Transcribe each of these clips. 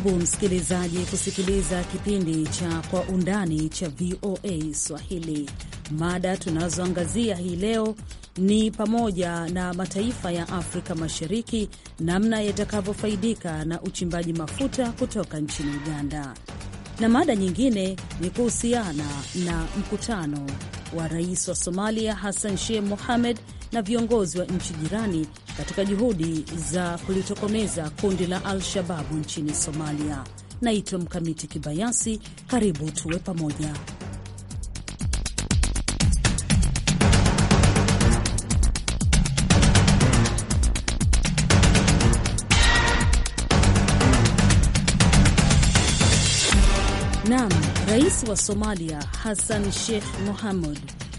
Karibu msikilizaji kusikiliza kipindi cha Kwa Undani cha VOA Swahili. Mada tunazoangazia hii leo ni pamoja na mataifa ya Afrika Mashariki namna yatakavyofaidika na uchimbaji mafuta kutoka nchini Uganda, na mada nyingine ni kuhusiana na mkutano wa rais wa Somalia Hassan Sheikh Mohamed na viongozi wa nchi jirani katika juhudi za kulitokomeza kundi la Al-Shababu nchini Somalia. Naitwa Mkamiti Kibayasi, karibu tuwe pamoja. Naam, rais wa Somalia Hassan Sheikh Mohamud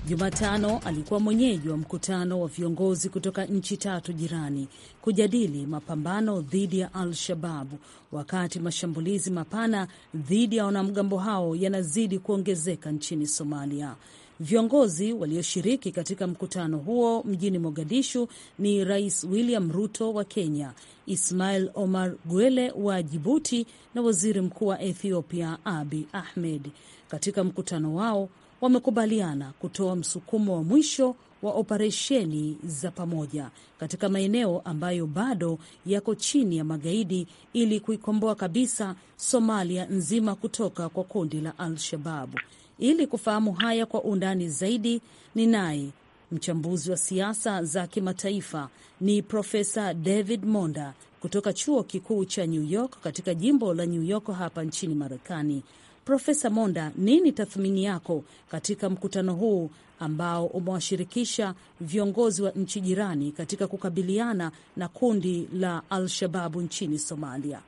Jumatano alikuwa mwenyeji wa mkutano wa viongozi kutoka nchi tatu jirani kujadili mapambano dhidi ya Al-Shababu, wakati mashambulizi mapana dhidi ya wanamgambo hao yanazidi kuongezeka nchini Somalia. Viongozi walioshiriki katika mkutano huo mjini Mogadishu ni Rais William Ruto wa Kenya, Ismail Omar Guele wa Jibuti na Waziri Mkuu wa Ethiopia Abi Ahmed. Katika mkutano wao wamekubaliana kutoa msukumo wa mwisho wa operesheni za pamoja katika maeneo ambayo bado yako chini ya magaidi ili kuikomboa kabisa Somalia nzima kutoka kwa kundi la Al-Shababu. Ili kufahamu haya kwa undani zaidi, ni naye mchambuzi wa siasa za kimataifa ni Profesa David Monda kutoka chuo kikuu cha New York katika jimbo la New York hapa nchini Marekani. Profesa Monda, nini tathmini yako katika mkutano huu ambao umewashirikisha viongozi wa nchi jirani katika kukabiliana na kundi la Al-Shababu nchini Somalia?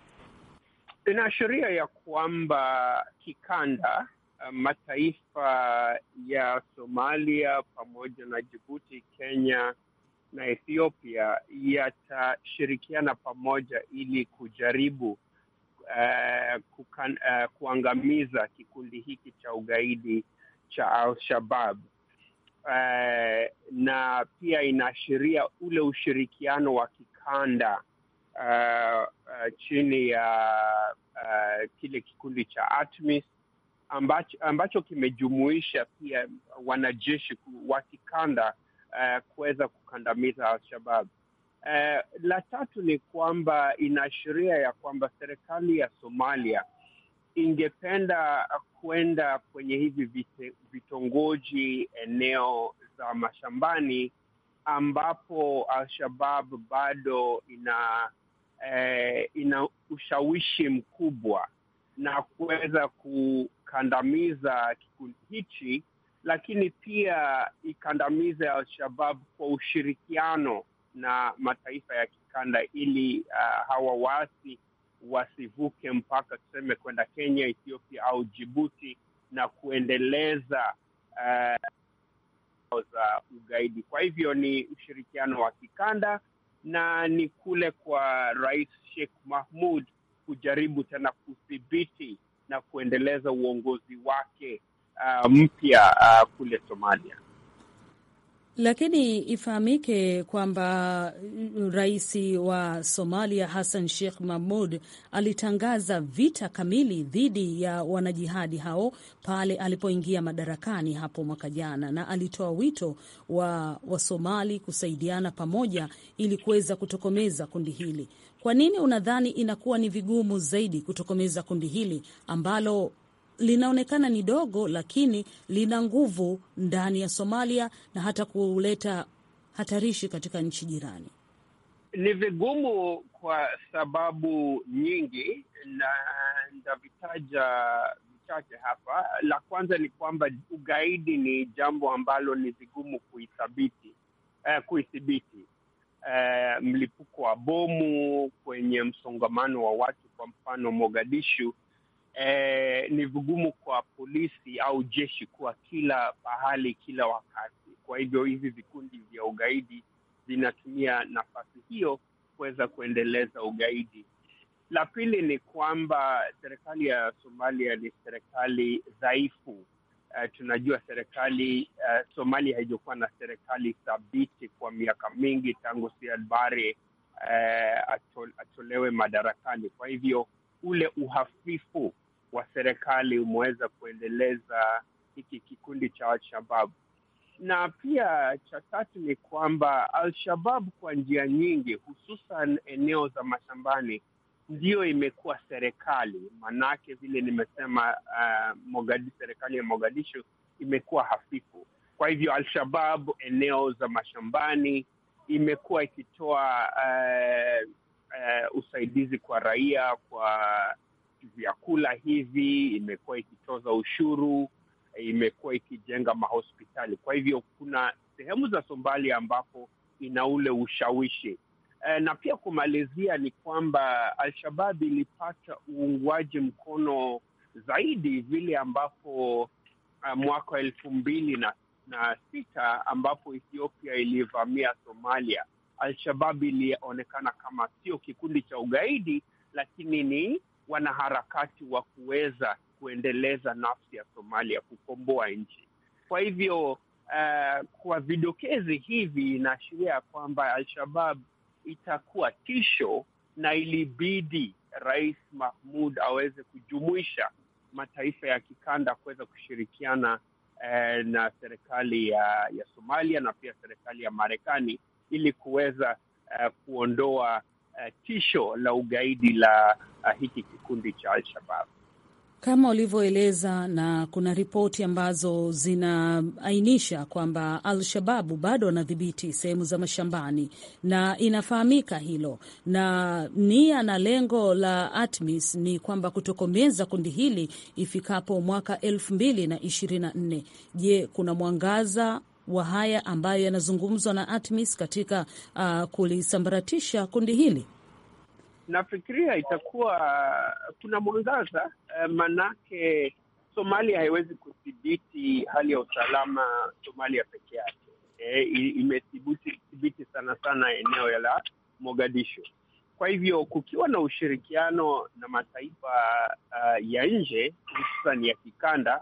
Inaashiria ya kwamba kikanda eh, mataifa ya Somalia pamoja na Jibuti, Kenya na Ethiopia yatashirikiana pamoja ili kujaribu uh, kukan, uh, kuangamiza kikundi hiki cha ugaidi cha Al-Shabab. Uh, eh, na pia inaashiria ule ushirikiano wa kikanda uh, uh, chini ya uh, kile kikundi cha ATMIS ambacho, ambacho kimejumuisha pia wanajeshi wa kikanda uh, kuweza kukandamiza Al-Shabab. Eh, la tatu ni kwamba inaashiria ya kwamba serikali ya Somalia ingependa kwenda kwenye hivi vitongoji eneo za mashambani ambapo Al-Shabab bado ina eh, ina ushawishi mkubwa na kuweza kukandamiza kikundi hichi, lakini pia ikandamize Al-Shabab kwa ushirikiano na mataifa ya kikanda ili uh, hawa waasi wasivuke mpaka tuseme kwenda Kenya, Ethiopia au Jibuti na kuendeleza uh, za ugaidi. Kwa hivyo ni ushirikiano wa kikanda na ni kule kwa Rais Sheikh Mahmud kujaribu tena kudhibiti na kuendeleza uongozi wake uh, mpya uh, kule Somalia. Lakini ifahamike kwamba mm, rais wa Somalia Hassan Sheikh Mahmud alitangaza vita kamili dhidi ya wanajihadi hao pale alipoingia madarakani hapo mwaka jana, na alitoa wito wa Wasomali kusaidiana pamoja ili kuweza kutokomeza kundi hili. Kwa nini unadhani inakuwa ni vigumu zaidi kutokomeza kundi hili ambalo linaonekana ni dogo, lakini lina nguvu ndani ya Somalia na hata kuleta hatarishi katika nchi jirani. Ni vigumu kwa sababu nyingi, na ndavitaja vichache hapa. La kwanza ni kwamba ugaidi ni jambo ambalo ni vigumu kuithabiti, eh, kuithibiti. Eh, mlipuko wa bomu kwenye msongamano wa watu, kwa mfano Mogadishu, eh, ni vigumu kwa polisi au jeshi kuwa kila pahali kila wakati. Kwa hivyo hivi vikundi vya ugaidi vinatumia nafasi hiyo kuweza kuendeleza ugaidi. La pili ni kwamba serikali ya Somalia ni serikali dhaifu. Uh, tunajua serikali uh, Somalia haijakuwa na serikali thabiti kwa miaka mingi tangu Siad Barre uh, atolewe madarakani. Kwa hivyo ule uhafifu wa serikali umeweza kuendeleza hiki kikundi cha al-shabab Na pia cha tatu ni kwamba Alshabab kwa njia nyingi, hususan eneo za mashambani, ndiyo imekuwa serikali. Maanake vile nimesema, uh, serikali ya Mogadishu imekuwa hafifu. Kwa hivyo Alshabab eneo za mashambani imekuwa ikitoa uh, uh, usaidizi kwa raia kwa vyakula hivi, imekuwa ikitoza ushuru, imekuwa ikijenga mahospitali. Kwa hivyo kuna sehemu za Somalia ambapo ina ule ushawishi eh, na pia kumalizia ni kwamba Al-Shabab ilipata uungwaji mkono zaidi vile ambapo uh, mwaka wa elfu mbili na, na sita ambapo Ethiopia ilivamia Somalia Al-Shabab ilionekana kama sio kikundi cha ugaidi, lakini ni wanaharakati wa kuweza kuendeleza nafsi ya Somalia, kukomboa nchi. Kwa hivyo uh, kwa vidokezi hivi inaashiria kwamba Al-Shabab itakuwa tisho na ilibidi Rais Mahmud aweze kujumuisha mataifa ya kikanda kuweza kushirikiana eh, na serikali ya, ya Somalia na pia serikali ya Marekani ili kuweza uh, kuondoa uh, tisho la ugaidi la uh, hiki kikundi cha Al-Shabab kama ulivyoeleza, na kuna ripoti ambazo zinaainisha kwamba Al-Shababu bado wanadhibiti sehemu za mashambani, na inafahamika hilo, na nia na lengo la ATMIS ni kwamba kutokomeza kundi hili ifikapo mwaka elfu mbili na ishirini na nne. Je, kuna mwangaza wa haya ambayo yanazungumzwa na ATMIS katika uh, kulisambaratisha kundi hili? Nafikiria itakuwa uh, kuna mwangaza, uh, manake Somalia haiwezi kudhibiti hali ya usalama Somalia peke yake. eh, imethibiti sana sana eneo la Mogadishu. Kwa hivyo kukiwa na ushirikiano na mataifa uh, ya nje hususan ya kikanda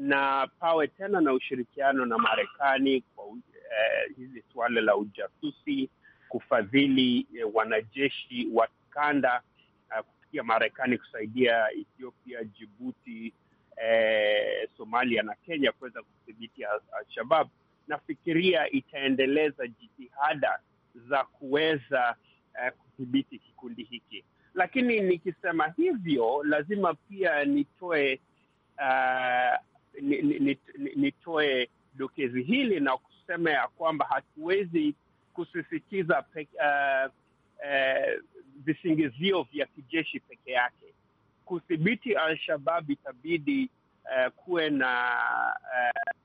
na pawe tena na ushirikiano na Marekani kwa eh, hili suala la ujasusi, kufadhili eh, wanajeshi wa kanda eh, kufikia Marekani kusaidia Ethiopia, Jibuti, eh, Somalia na Kenya kuweza kudhibiti Al-Shabab. Nafikiria itaendeleza jitihada za kuweza eh, kudhibiti kikundi hiki, lakini nikisema hivyo lazima pia nitoe uh, nitoe dokezi hili na kusema ya kwamba hatuwezi kusisitiza eh, eh, visingizio uh, uh, vya kijeshi peke yake. Kudhibiti Al-Shabab itabidi uh, kuwe na uh,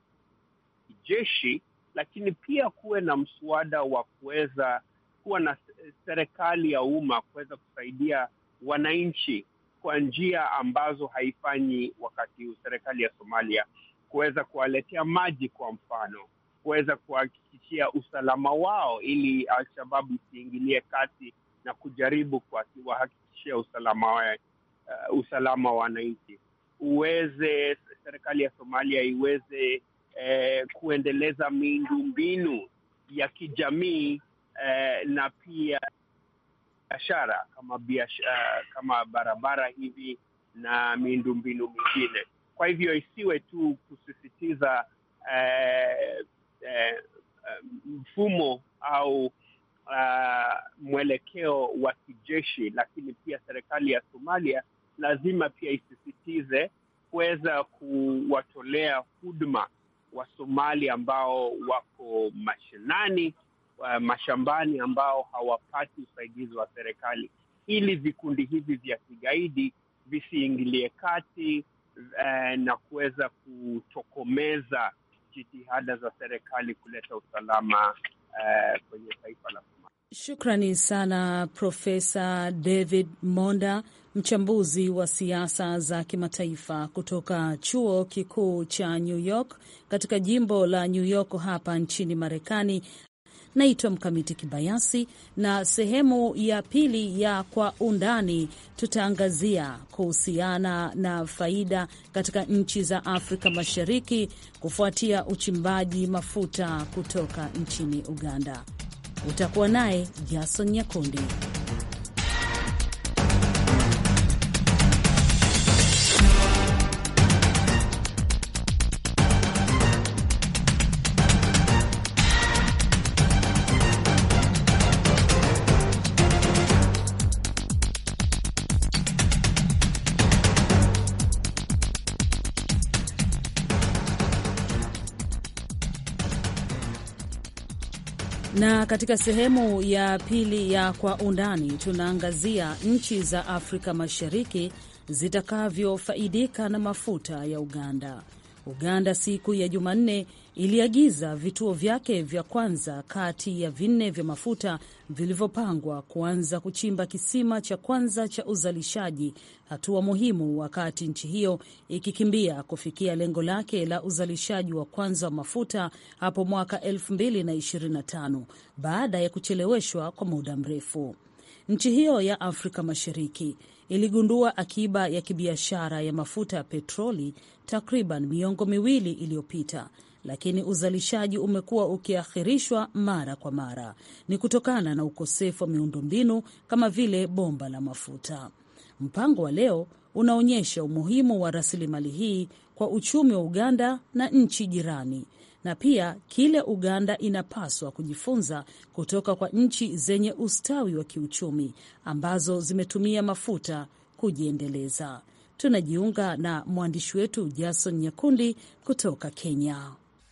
jeshi lakini pia kuwe na mswada wa kuweza kuwa na serikali ya umma kuweza kusaidia wananchi kwa njia ambazo haifanyi wakati huu serikali ya Somalia, kuweza kuwaletea maji kwa mfano, kuweza kuhakikishia usalama wao ili Alshababu isiingilie kati na kujaribu kuwahakikishia usalama wa uh, usalama wa wananchi, uweze serikali ya Somalia iweze eh, kuendeleza miundombinu ya kijamii eh, na pia biashara kama biashara, ah, kama barabara hivi na miundombinu mingine. Kwa hivyo isiwe tu kusisitiza eh, eh, mfumo au uh, mwelekeo wa kijeshi, lakini pia serikali ya Somalia lazima pia isisitize kuweza kuwatolea huduma wa somali ambao wako mashinani uh, mashambani ambao hawapati usaidizi wa serikali, ili vikundi hivi vya kigaidi visiingilie kati uh, na kuweza kutokomeza jitihada za serikali kuleta usalama uh, kwenye taifa la Somalia. Shukrani sana Profesa David Monda, mchambuzi wa siasa za kimataifa kutoka chuo kikuu cha New York katika jimbo la New York hapa nchini Marekani, Naitwa Mkamiti Kibayasi, na sehemu ya pili ya Kwa Undani tutaangazia kuhusiana na faida katika nchi za Afrika Mashariki kufuatia uchimbaji mafuta kutoka nchini Uganda. Utakuwa naye Jason Nyakundi. Na katika sehemu ya pili ya Kwa Undani tunaangazia nchi za Afrika Mashariki zitakavyofaidika na mafuta ya Uganda. Uganda siku ya Jumanne iliagiza vituo vyake vya kwanza kati ya vinne vya mafuta vilivyopangwa kuanza kuchimba kisima cha kwanza cha uzalishaji, hatua muhimu wakati nchi hiyo ikikimbia kufikia lengo lake la uzalishaji wa kwanza wa mafuta hapo mwaka 2025 baada ya kucheleweshwa kwa muda mrefu. Nchi hiyo ya Afrika Mashariki iligundua akiba ya kibiashara ya mafuta ya petroli takriban miongo miwili iliyopita, lakini uzalishaji umekuwa ukiakhirishwa mara kwa mara. Ni kutokana na ukosefu wa miundombinu kama vile bomba la mafuta. Mpango wa leo unaonyesha umuhimu wa rasilimali hii kwa uchumi wa Uganda na nchi jirani na pia kile Uganda inapaswa kujifunza kutoka kwa nchi zenye ustawi wa kiuchumi ambazo zimetumia mafuta kujiendeleza. Tunajiunga na mwandishi wetu Jason Nyakundi kutoka Kenya.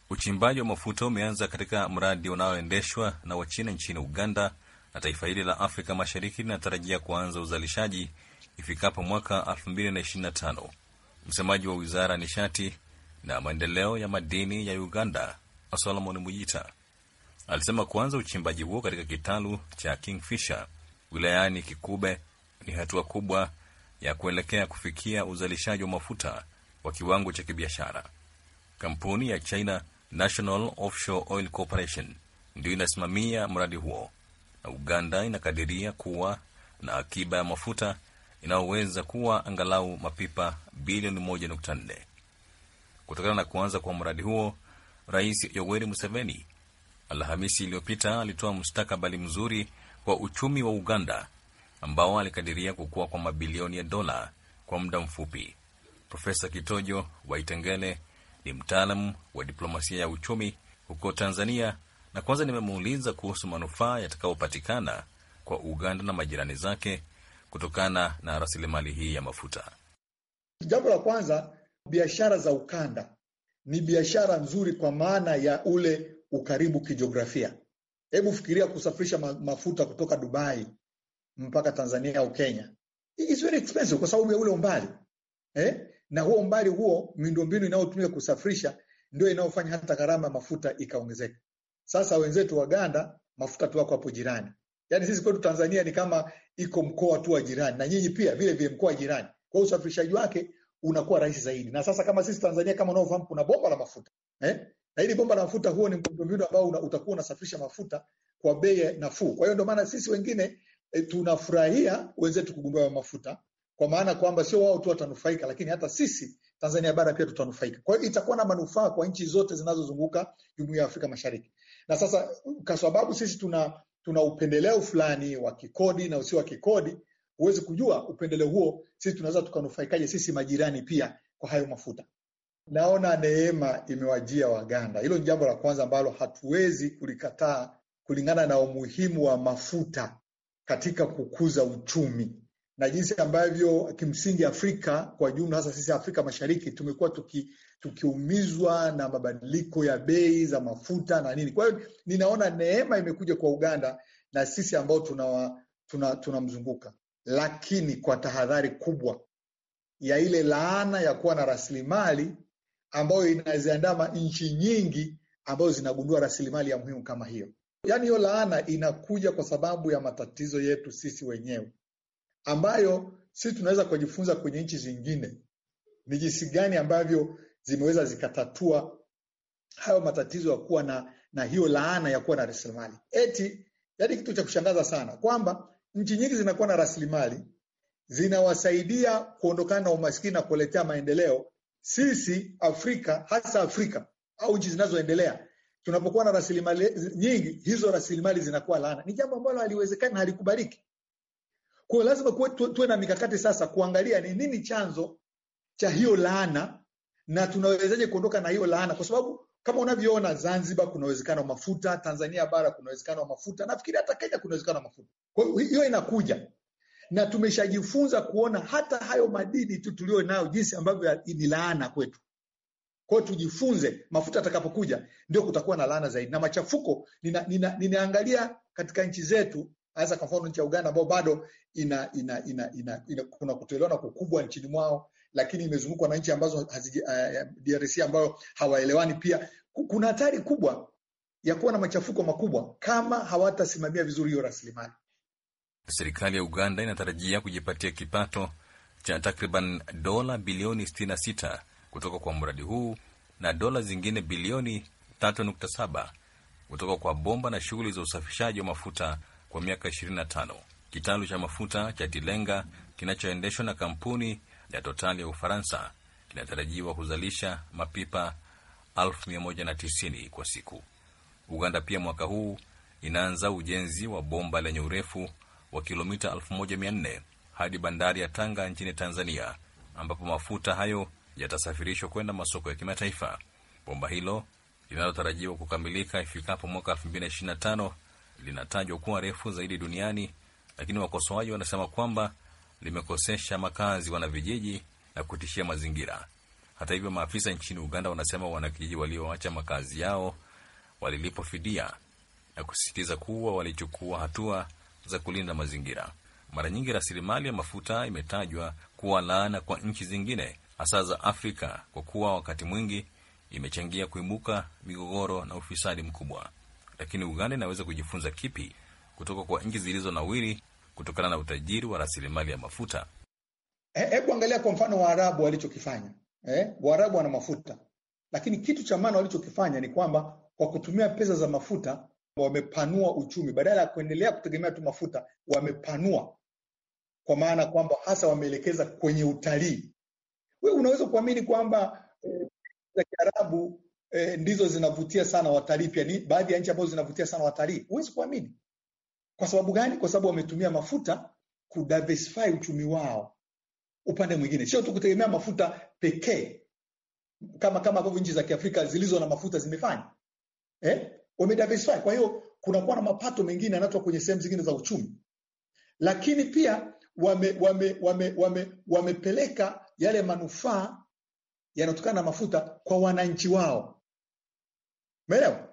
Uchimbaji wa mafuta umeanza katika mradi unaoendeshwa na Wachina nchini Uganda, na taifa hili la Afrika Mashariki linatarajia kuanza uzalishaji ifikapo mwaka 2025. Msemaji wa wizara ya nishati na maendeleo ya madini ya Uganda, Solomon Mujita alisema kuanza uchimbaji huo katika kitalu cha Kingfisher wilayani Kikube ni hatua kubwa ya kuelekea kufikia uzalishaji wa mafuta wa kiwango cha kibiashara. Kampuni ya China National Offshore Oil Corporation ndiyo inasimamia mradi huo, na Uganda inakadiria kuwa na akiba ya mafuta inayoweza kuwa angalau mapipa bilioni 1.4. Kutokana na kuanza kwa mradi huo, Rais Yoweri Museveni Alhamisi iliyopita alitoa mustakabali mzuri kwa uchumi wa Uganda ambao alikadiria kukua kwa mabilioni ya dola kwa muda mfupi. Profesa Kitojo Waitengele ni mtaalamu wa diplomasia ya uchumi huko Tanzania, na kwanza nimemuuliza kuhusu manufaa yatakayopatikana kwa Uganda na majirani zake kutokana na rasilimali hii ya mafuta. Jambo la kwanza biashara za ukanda ni biashara nzuri kwa maana ya ule ukaribu kijiografia. Hebu fikiria kusafirisha mafuta kutoka Dubai mpaka Tanzania au Kenya, it's very expensive kwa sababu ya ule umbali eh? na huo umbali huo, miundombinu inayotumika kusafirisha ndio inayofanya hata gharama ya mafuta ikaongezeka. Sasa wenzetu Waganda mafuta tu wako hapo jirani, yaani sisi kwetu Tanzania ni kama iko mkoa tu wa jirani, na nyinyi pia vile vile mkoa wa jirani, kwa usafirishaji wake unakuwa rahisi zaidi. Na sasa kama sisi Tanzania, kama unaofahamu, kuna bomba la mafuta eh? na hili bomba la mafuta huo ni miundombinu ambao una, utakuwa unasafirisha mafuta kwa bei nafuu. Kwa hiyo ndio maana sisi wengine e, tunafurahia wenzetu kugundua mafuta kwa maana kwamba sio wao tu watanufaika, lakini hata sisi Tanzania bara pia tutanufaika. Kwa hiyo itakuwa na manufaa kwa nchi zote zinazozunguka Jumuiya ya Afrika Mashariki. Na sasa kwa sababu sisi tuna tuna upendeleo fulani wa kikodi na usio wa kikodi, huwezi kujua upendeleo huo, sisi tunaweza tukanufaikaje sisi majirani pia kwa hayo mafuta. Naona neema imewajia Waganda. Hilo ni jambo la kwanza ambalo hatuwezi kulikataa kulingana na umuhimu wa mafuta katika kukuza uchumi na jinsi ambavyo kimsingi Afrika kwa jumla, hasa sisi Afrika Mashariki tumekuwa tuki, tukiumizwa na mabadiliko ya bei za mafuta na nini. Kwa hiyo ninaona neema imekuja kwa Uganda na sisi ambao tunamzunguka tuna, tuna lakini kwa tahadhari kubwa ya ile laana ya kuwa na rasilimali ambayo inaziandama nchi nyingi ambazo zinagundua rasilimali ya muhimu kama hiyo. Yaani hiyo laana inakuja kwa sababu ya matatizo yetu sisi wenyewe, ambayo sisi tunaweza kujifunza kwenye nchi zingine, ni jinsi gani ambavyo zimeweza zikatatua hayo matatizo ya kuwa na, na hiyo laana ya kuwa na rasilimali eti. Yaani kitu cha kushangaza sana kwamba nchi nyingi zinakuwa na rasilimali zinawasaidia kuondokana na umaskini na kuletea maendeleo. Sisi Afrika, hasa Afrika au nchi zinazoendelea, tunapokuwa na rasilimali nyingi, hizo rasilimali zinakuwa laana. Ni jambo ambalo haliwezekani, halikubaliki. Kwa hiyo lazima kuwe tuwe na mikakati sasa kuangalia ni nini chanzo cha hiyo laana na tunawezaje kuondoka na hiyo laana, kwa sababu kama unavyoona Zanzibar kuna uwezekano wa mafuta, Tanzania bara kuna uwezekano wa mafuta, nafikiri hata Kenya kuna uwezekano wa mafuta. Kwa hiyo inakuja na tumeshajifunza kuona hata hayo madini tu tulio nayo jinsi ambavyo ni laana kwetu. Kwa hiyo tujifunze, mafuta atakapokuja ndio kutakuwa na laana zaidi na machafuko. Ninaangalia Nina, nina, katika nchi zetu hasa kwa mfano nchi ya Uganda ambayo bado ina, ina, ina, ina, ina, kuna kutoelewana kukubwa nchini mwao, lakini imezungukwa na nchi ambazo haziji, uh, eh, DRC ambayo hawaelewani pia. Kuna hatari kubwa ya kuwa na machafuko makubwa kama hawatasimamia vizuri hiyo rasilimali. Serikali ya Uganda inatarajia kujipatia kipato cha takriban dola bilioni 66 kutoka kwa mradi huu na dola zingine bilioni 3.7 kutoka kwa bomba na shughuli za usafishaji wa mafuta kwa miaka 25. Kitalu cha mafuta cha Tilenga kinachoendeshwa na kampuni ya Total ya Ufaransa kinatarajiwa kuzalisha mapipa 190 kwa siku. Uganda pia mwaka huu inaanza ujenzi wa bomba lenye urefu wa kilomita 1400 hadi bandari ya Tanga nchini Tanzania, ambapo mafuta hayo yatasafirishwa kwenda masoko ya kimataifa. Bomba hilo linalotarajiwa kukamilika ifikapo mwaka 2025 linatajwa kuwa refu zaidi duniani, lakini wakosoaji wanasema kwamba limekosesha makazi wanavijiji na kutishia mazingira. Hata hivyo, maafisa nchini Uganda wanasema wanakijiji walioacha makazi yao walilipo fidia na kusisitiza kuwa walichukua hatua za kulinda mazingira. Mara nyingi rasilimali ya mafuta imetajwa kuwa laana kwa nchi zingine, hasa za Afrika, kwa kuwa wakati mwingi imechangia kuibuka migogoro na ufisadi mkubwa. Lakini Uganda inaweza kujifunza kipi kutoka kwa nchi zilizonawiri kutokana na utajiri wa rasilimali ya mafuta? Eh, hebu angalia kwa mfano Waarabu walichokifanya. E, Waarabu wana mafuta, lakini kitu cha maana walichokifanya ni kwamba kwa kutumia pesa za mafuta wamepanua uchumi, badala ya kuendelea kutegemea tu mafuta, wamepanua kwa maana kwamba hasa wameelekeza kwenye utalii. Wewe unaweza kuamini kwamba e, za Kiarabu e, ndizo zinavutia sana watalii, pia ni baadhi ya nchi ambazo zinavutia sana watalii. Huwezi kuamini. Kwa sababu gani? Kwa sababu wametumia mafuta kudiversify uchumi wao upande mwingine, sio tu kutegemea mafuta pekee, kama kama ambavyo nchi za Kiafrika zilizo na mafuta zimefanya eh? wamediversify. Kwa hiyo kunakuwa na mapato mengine yanatoka kwenye sehemu zingine za uchumi, lakini pia wamepeleka wame, wame, wame, wame yale manufaa yanayotokana na mafuta kwa wananchi wao, umeelewa?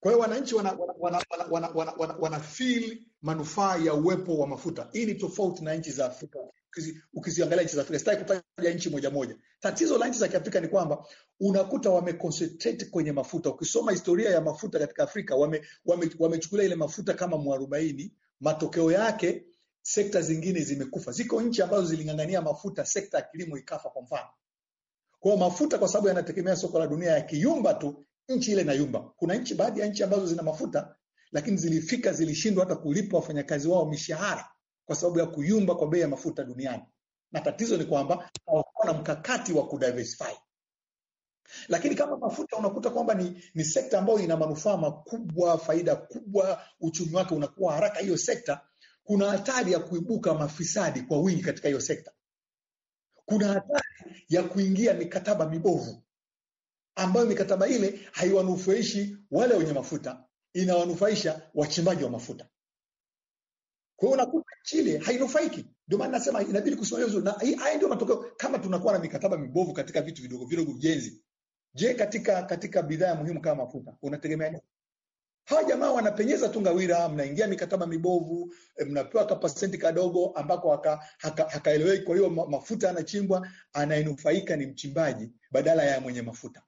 Kwa hiyo wananchi wana, wana, wana, wana, wana, wana feel manufaa ya uwepo wa mafuta. Hii ni tofauti na nchi za Afrika ukiziangalia nchi za Afrika, sitaki kutaja nchi moja moja. Tatizo la nchi za Kiafrika ni kwamba unakuta wameconcentrate kwenye mafuta. Ukisoma historia ya mafuta katika Afrika, wame, wame, wame ile mafuta kama mwarobaini. Matokeo yake sekta zingine zimekufa. Ziko nchi ambazo ziling'ang'ania mafuta, sekta ya kilimo ikafa, kwa mfano. Kwa mafuta, kwa sababu yanategemea soko la dunia, yakiyumba tu nchi ile inayumba. Kuna nchi, baadhi ya nchi ambazo zina mafuta lakini zilifika zilishindwa hata kulipa wafanyakazi wao mishahara kwa sababu ya kuyumba kwa bei ya mafuta duniani, na tatizo ni kwamba hawakuwa na mkakati wa kudiversify. Lakini kama mafuta unakuta kwamba ni, ni sekta ambayo ina manufaa makubwa, faida kubwa, uchumi wake unakuwa haraka, hiyo sekta kuna hatari ya kuibuka mafisadi kwa wingi katika hiyo sekta. Kuna hatari ya kuingia mikataba mibovu ambayo mikataba ile haiwanufaishi wale wenye mafuta, inawanufaisha wachimbaji wa mafuta. Kwa hiyo unakuta Chile hainufaiki. Ndio maana nasema inabidi kusimamia vizuri, na haya ndio matokeo. Kama tunakuwa na mikataba mibovu katika vitu vidogo vidogo, ujenzi, je, katika katika bidhaa muhimu kama mafuta unategemea nini? Hawa jamaa wanapenyeza tu ngawira, mnaingia mikataba mibovu, eh, mnapewa kapasenti kadogo ambako haka, haka. hakaelewei. Kwa hiyo mafuta anachimbwa, anayenufaika ni mchimbaji badala ya mwenye mafuta.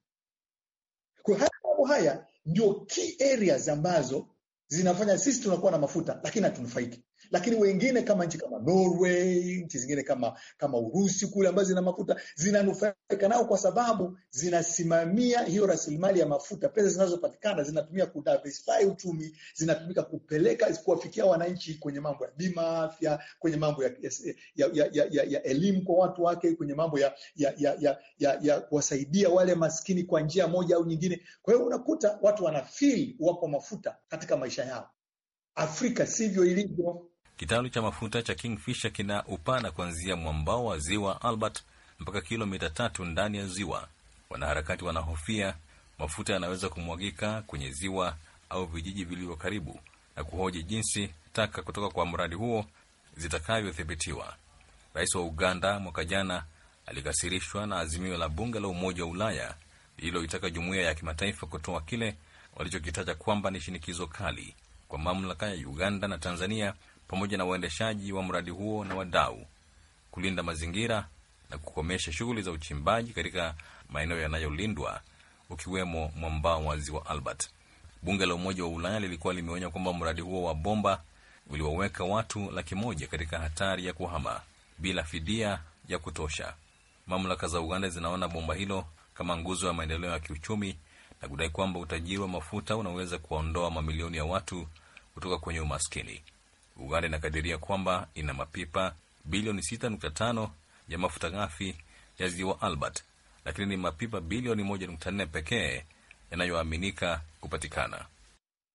Kwa haya mambo haya ndio key areas ambazo zinafanya sisi tunakuwa na mafuta lakini hatunufaiki lakini wengine kama nchi kama Norway, nchi zingine kama kama Urusi kule ambazo zina mafuta zinanufaika nao kwa sababu zinasimamia hiyo rasilimali ya mafuta. Pesa zinazopatikana zinatumia diversify uchumi, zinatumika kupeleka kuwafikia wananchi kwenye mambo ya bima afya, kwenye mambo ya, ya, ya, ya, ya, ya elimu kwa watu wake, kwenye mambo ya, ya, ya, ya, ya, ya kuwasaidia wale maskini kwa njia moja au nyingine. Kwa hiyo unakuta watu wanafeel wapo mafuta katika maisha yao. Afrika sivyo ilivyo. Kitalu cha mafuta cha Kingfisher kina upana kuanzia mwambao wa ziwa Albert mpaka kilomita tatu ndani ya ziwa. Wanaharakati wanahofia mafuta yanaweza kumwagika kwenye ziwa au vijiji vilivyo karibu na kuhoji jinsi taka kutoka kwa mradi huo zitakavyothibitiwa. Rais wa Uganda mwaka jana alikasirishwa na azimio la bunge la Umoja wa Ulaya lililoitaka jumuiya ya kimataifa kutoa kile walichokitaja kwamba ni shinikizo kali kwa mamlaka ya Uganda na Tanzania pamoja na waendeshaji wa mradi huo na wadau, kulinda mazingira na kukomesha shughuli za uchimbaji katika maeneo yanayolindwa ukiwemo mwambao wa ziwa Albert. Bunge la Umoja wa Ulaya lilikuwa limeonya kwamba mradi huo wa bomba uliwaweka watu laki moja katika hatari ya kuhama bila fidia ya kutosha. Mamlaka za Uganda zinaona bomba hilo kama nguzo ya maendeleo ya kiuchumi na kudai kwamba utajiri wa mafuta unaweza kuwaondoa mamilioni ya watu kutoka kwenye umaskini. Uganda inakadiria kwamba ina mapipa bilioni 6.5 ya mafuta ghafi ya ziwa Albert, lakini ni mapipa bilioni 1.4 pekee yanayoaminika kupatikana.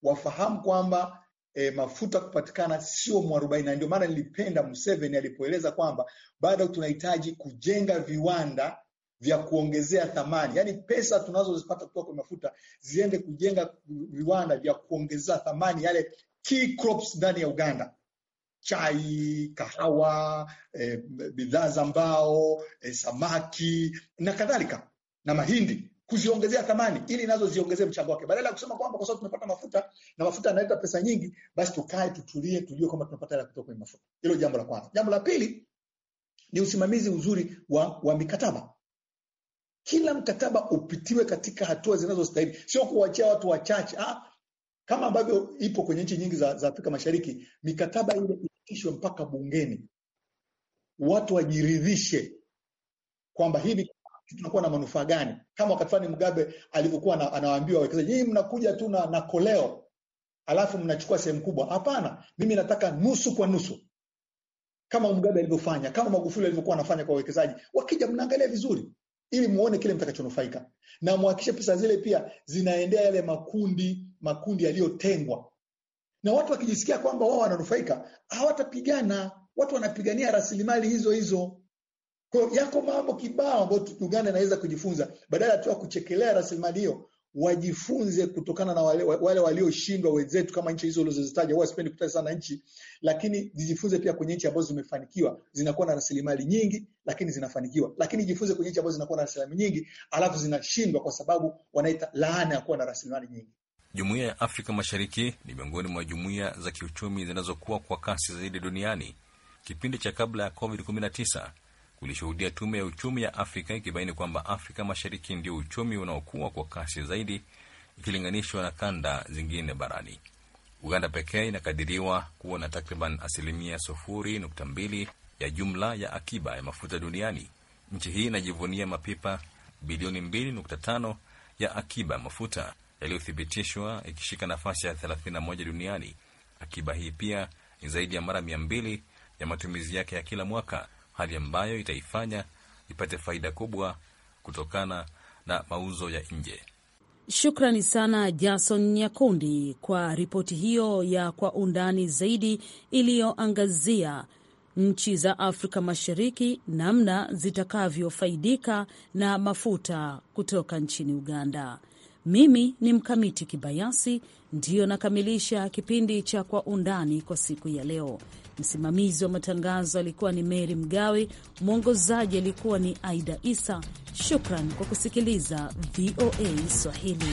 Wafahamu kwamba e, mafuta kupatikana sio mwarobaini, na ndio maana nilipenda Museveni alipoeleza kwamba bado tunahitaji kujenga viwanda vya kuongezea thamani, yaani pesa tunazozipata kutoka kwenye mafuta ziende kujenga viwanda vya kuongezea thamani yale key crops ndani ya Uganda chai, kahawa, e, bidhaa za mbao, e, samaki na kadhalika na mahindi, kuziongezea thamani ili nazo ziongezee mchango wake, badala ya kusema kwamba kwa sababu tumepata mafuta na mafuta yanaleta pesa nyingi, basi tukae tutulie, tujue kwamba tunapata hela kutoka kwenye mafuta. Hilo jambo la kwanza. Jambo la pili ni usimamizi uzuri wa, wa mikataba. Kila mkataba upitiwe katika hatua zinazostahili, sio kuwachia watu wachache. Ah, kama ambavyo ipo kwenye nchi nyingi za, za Afrika Mashariki, mikataba ile ipitishwe mpaka bungeni, watu wajiridhishe kwamba hivi tunakuwa na manufaa gani, kama wakati fulani Mugabe alivyokuwa anawaambia wawekezaji, hii mnakuja tu na, na koleo alafu mnachukua sehemu kubwa. Hapana, mimi nataka nusu kwa nusu, kama Mugabe alivyofanya, kama Magufuli alivyokuwa anafanya kwa wawekezaji. Wakija mnaangalia vizuri ili muone kile mtakachonufaika, na muhakikishe pesa zile pia zinaendea yale makundi makundi yaliyotengwa. Na watu wakijisikia kwamba wao wananufaika, hawatapigana. Watu wanapigania rasilimali hizo hizo. Kwa yako mambo kibao ambayo Uganda inaweza kujifunza, badala tu ya kuchekelea rasilimali hiyo, wajifunze kutokana na wale, wale walioshindwa wenzetu, kama nchi hizo ulizozitaja. Huwa sipendi kutaja sana nchi, lakini zijifunze pia kwenye nchi ambazo zimefanikiwa, zinakuwa na rasilimali nyingi, lakini zinafanikiwa. Lakini jifunze kwenye nchi ambazo zinakuwa na rasilimali nyingi alafu zinashindwa, kwa sababu wanaita laana ya kuwa na rasilimali nyingi. Jumuiya ya Afrika Mashariki ni miongoni mwa jumuiya za kiuchumi zinazokuwa kwa kasi zaidi duniani. Kipindi cha kabla ya COVID-19 ulishuhudia Tume ya Uchumi ya Afrika ikibaini kwamba Afrika Mashariki ndio uchumi unaokuwa kwa kasi zaidi ikilinganishwa na kanda zingine barani. Uganda pekee inakadiriwa kuwa na takriban asilimia sufuri nukta mbili ya jumla ya akiba ya mafuta duniani. Nchi hii inajivunia mapipa bilioni mbili nukta tano ya akiba ya mafuta yaliyothibitishwa, ikishika nafasi ya 31 duniani. Akiba hii pia ni zaidi ya mara mia mbili ya matumizi yake ya kila mwaka hali ambayo itaifanya ipate faida kubwa kutokana na mauzo ya nje. Shukrani sana Jason Nyakundi kwa ripoti hiyo ya kwa undani zaidi iliyoangazia nchi za Afrika Mashariki namna zitakavyofaidika na mafuta kutoka nchini Uganda. Mimi ni Mkamiti Kibayasi, ndiyo nakamilisha kipindi cha Kwa Undani kwa siku ya leo. Msimamizi wa matangazo alikuwa ni Meri Mgawe, mwongozaji alikuwa ni Aida Isa. Shukran kwa kusikiliza VOA Swahili.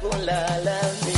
con la lámina